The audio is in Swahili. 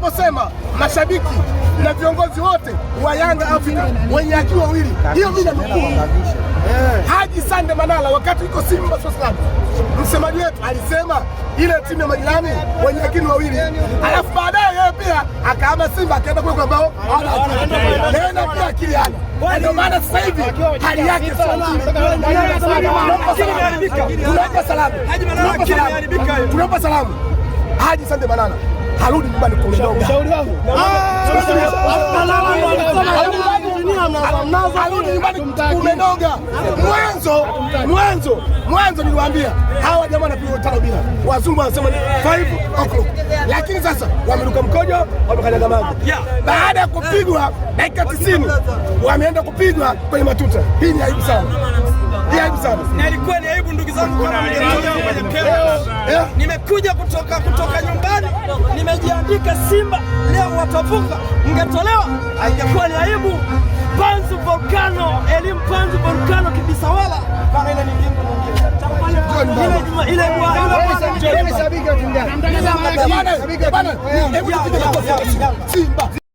ninaposema mashabiki na viongozi wote wa Yanga wenye akili wawili, hiyo mimi nanukuu Haji Sande Manala wakati iko Simba Sports Club, msemaji wetu alisema ile timu ya majirani wenye akili wawili, alafu baadaye yeye pia akaama Simba akaenda kule kwambao nena pia akili ana, ndio maana sasa hivi hali yake tunampa salamu, salamu Haji Sande Banana harudi nyumbani kuloga. Ushauri wangu ah, ah, umenoga mwanzo mwanzo mwanzo, niliwaambia hawa jamaa wanapiga tano bila, wazungu wanasema five o'clock, lakini sasa wameruka mkojo, wamekanyaga maji baada ya kupigwa dakika tisini, wameenda kupigwa kwenye matuta. Hii ni aibu sana, ni aibu sana, ni aibu ndugu zangu, eh, eh. nimekuja kutoka mlipika Simba leo watavuka, mngetolewa haijakuwa ni aibu. Panzu Volcano elimu Panzu Volcano kibisawala kana